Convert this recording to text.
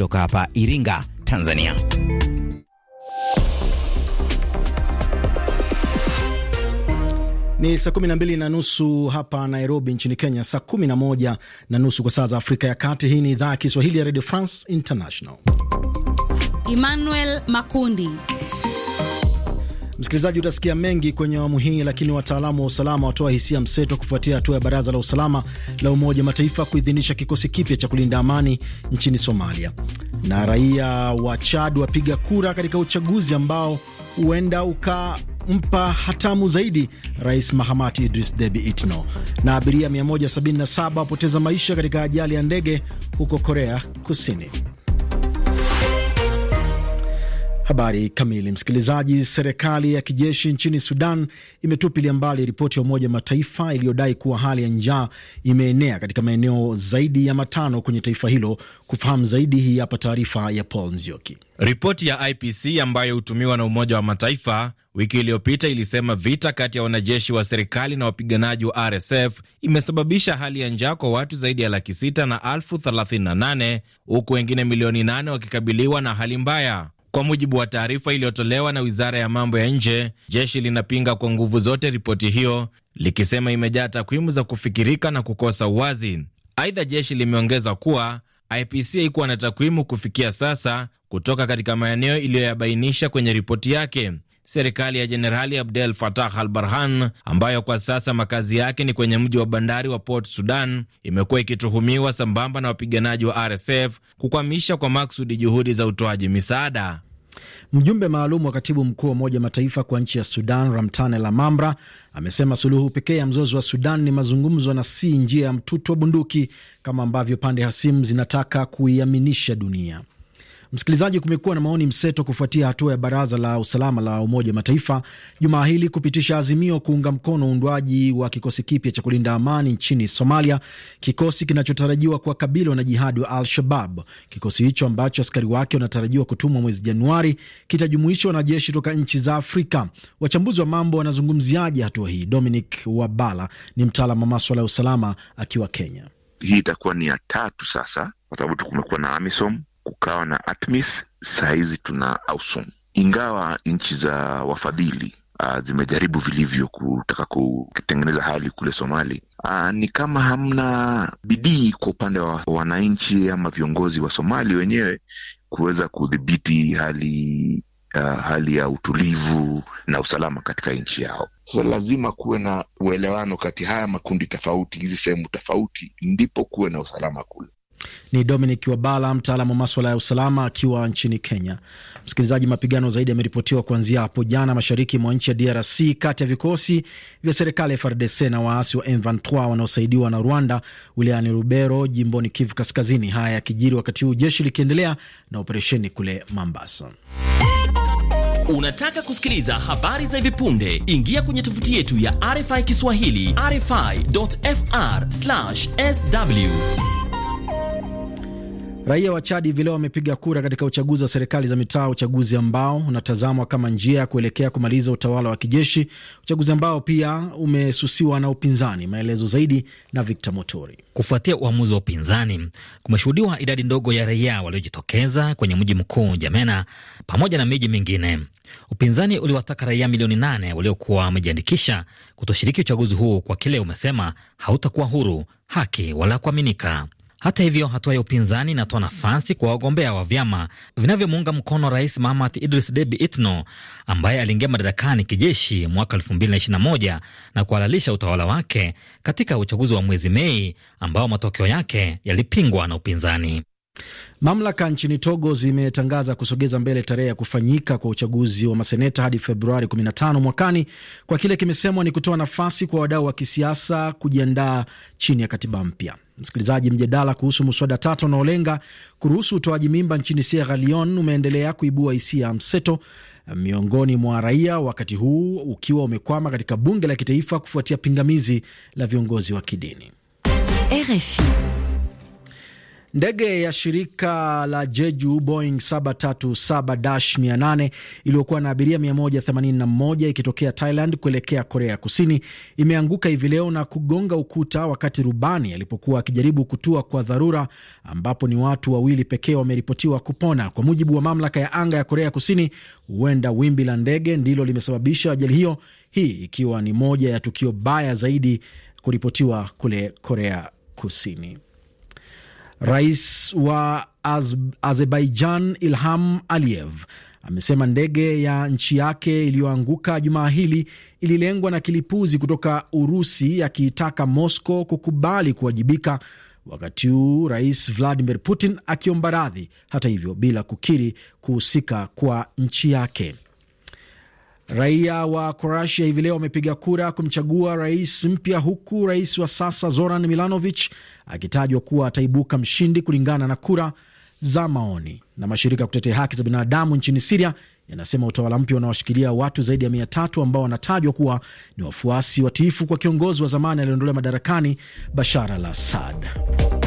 kutoka hapa Iringa, Tanzania. Ni saa 12 na nusu hapa Nairobi nchini Kenya, saa 11 na nusu kwa saa za Afrika ya Kati. Hii ni idhaa ya Kiswahili ya Radio France International. Emmanuel Makundi Msikilizaji, utasikia mengi kwenye awamu hii, lakini wataalamu wa usalama watoa hisia mseto kufuatia hatua ya baraza la usalama la Umoja Mataifa kuidhinisha kikosi kipya cha kulinda amani nchini Somalia, na raia wa Chad wapiga kura katika uchaguzi ambao huenda ukampa hatamu zaidi Rais Mahamati Idris Debi Itno, na abiria 177 wapoteza maisha katika ajali ya ndege huko Korea Kusini. Habari kamili, msikilizaji. Serikali ya kijeshi nchini Sudan imetupilia mbali ripoti ya Umoja Mataifa iliyodai kuwa hali ya njaa imeenea katika maeneo zaidi ya matano kwenye taifa hilo. Kufahamu zaidi, hii hapa taarifa ya Paul Nzioki. Ripoti ya IPC ambayo hutumiwa na Umoja wa Mataifa wiki iliyopita ilisema vita kati ya wanajeshi wa serikali na wapiganaji wa RSF imesababisha hali ya njaa kwa watu zaidi ya laki sita na elfu thelathini na nane huku wengine milioni nane wakikabiliwa na hali mbaya. Kwa mujibu wa taarifa iliyotolewa na wizara ya mambo ya nje, jeshi linapinga kwa nguvu zote ripoti hiyo likisema imejaa takwimu za kufikirika na kukosa uwazi. Aidha, jeshi limeongeza kuwa IPC haikuwa na takwimu kufikia sasa kutoka katika maeneo iliyoyabainisha kwenye ripoti yake serikali ya Jenerali Abdel Fattah al Burhan, ambayo kwa sasa makazi yake ni kwenye mji wa bandari wa Port Sudan, imekuwa ikituhumiwa sambamba na wapiganaji wa RSF kukwamisha kwa maksudi juhudi za utoaji misaada. Mjumbe maalum wa katibu mkuu wa Umoja Mataifa kwa nchi ya Sudan, Ramtane Lamamra, amesema suluhu pekee ya mzozo wa Sudan ni mazungumzo na si njia ya mtutu wa bunduki kama ambavyo pande hasimu zinataka kuiaminisha dunia. Msikilizaji, kumekuwa na maoni mseto kufuatia hatua ya baraza la usalama la Umoja wa Mataifa jumaa hili kupitisha azimio kuunga mkono uundwaji wa kikosi kipya cha kulinda amani nchini Somalia, kikosi kinachotarajiwa kuwakabili wanajihadi wa Al-Shabab. Kikosi hicho ambacho askari wake wanatarajiwa kutumwa mwezi Januari kitajumuisha wanajeshi toka nchi za Afrika. Wachambuzi wa mambo wanazungumziaje hatua hii? Dominic Wabala ni mtaalam wa maswala ya usalama akiwa Kenya. Hii itakuwa ni ya tatu sasa, kwa sababu kumekuwa na AMISOM kukawa na ATMIS, saa hizi tuna AUSOM. Ingawa nchi za wafadhili uh, zimejaribu vilivyo kutaka kutengeneza hali kule Somali, uh, ni kama hamna bidii kwa upande wa wananchi ama viongozi wa Somali wenyewe kuweza kudhibiti hali Uh, hali ya utulivu na usalama katika nchi yao. Sasa lazima kuwe na uelewano kati haya makundi tofauti, hizi sehemu tofauti, ndipo kuwe na usalama kule. Ni Dominic Wabala, mtaalamu wa maswala ya usalama akiwa nchini Kenya. Msikilizaji, mapigano zaidi yameripotiwa kuanzia hapo jana mashariki mwa nchi ya DRC kati ya vikosi vya serikali FARDC na waasi wa M23 wanaosaidiwa na Rwanda wilayani Rubero, jimboni Kivu Kaskazini. Haya yakijiri wakati huu jeshi likiendelea na operesheni kule Mambasa. Unataka kusikiliza habari za hivi punde? Ingia kwenye tovuti yetu ya RFI Kiswahili, rfi.fr/sw Raia wa Chadi hivi leo wamepiga kura katika uchaguzi wa serikali za mitaa, uchaguzi ambao unatazamwa kama njia ya kuelekea kumaliza utawala wa kijeshi, uchaguzi ambao pia umesusiwa na upinzani. Maelezo zaidi na Victor Motori. Kufuatia uamuzi wa upinzani, kumeshuhudiwa idadi ndogo ya raia waliojitokeza kwenye mji mkuu Jamena pamoja na miji mingine. Upinzani uliwataka raia milioni nane waliokuwa wamejiandikisha kutoshiriki uchaguzi huu kwa kile umesema hautakuwa huru, haki wala kuaminika. Hata hivyo, hatua ya upinzani inatoa nafasi kwa wagombea wa vyama vinavyomuunga mkono Rais Mahamat Idris Debi Itno ambaye aliingia madarakani kijeshi mwaka 2021 na kuhalalisha utawala wake katika uchaguzi wa mwezi Mei ambao matokeo yake yalipingwa na upinzani. Mamlaka nchini Togo zimetangaza kusogeza mbele tarehe ya kufanyika kwa uchaguzi wa maseneta hadi Februari 15 mwakani, kwa kile kimesemwa ni kutoa nafasi kwa wadau wa kisiasa kujiandaa chini ya katiba mpya. Msikilizaji, mjadala kuhusu muswada tatu unaolenga kuruhusu utoaji mimba nchini Sierra Leone umeendelea kuibua hisia mseto eh, miongoni mwa raia, wakati huu ukiwa umekwama katika bunge la kitaifa kufuatia pingamizi la viongozi wa kidini. RFI. Ndege ya shirika la Jeju Boeing 737-800 iliyokuwa na abiria 181 ikitokea Thailand kuelekea Korea Kusini imeanguka hivi leo na kugonga ukuta wakati rubani alipokuwa akijaribu kutua kwa dharura, ambapo ni watu wawili pekee wameripotiwa kupona. Kwa mujibu wa mamlaka ya anga ya Korea Kusini, huenda wimbi la ndege ndilo limesababisha ajali hiyo, hii ikiwa ni moja ya tukio baya zaidi kuripotiwa kule Korea Kusini. Rais wa Az Azerbaijan Ilham Aliyev amesema ndege ya nchi yake iliyoanguka Jumaa hili ililengwa na kilipuzi kutoka Urusi, akiitaka Moscow kukubali kuwajibika, wakati huu Rais Vladimir Putin akiomba radhi, hata hivyo, bila kukiri kuhusika kwa nchi yake. Raia wa Kroatia hivi leo wamepiga kura kumchagua rais mpya, huku rais wa sasa Zoran milanovich akitajwa kuwa ataibuka mshindi kulingana na kura za maoni. Na mashirika ya kutetea haki za binadamu nchini Siria yanasema utawala mpya unawashikilia watu zaidi ya mia tatu ambao wanatajwa kuwa ni wafuasi watiifu kwa kiongozi wa zamani aliyoondolewa madarakani Bashar al Assad.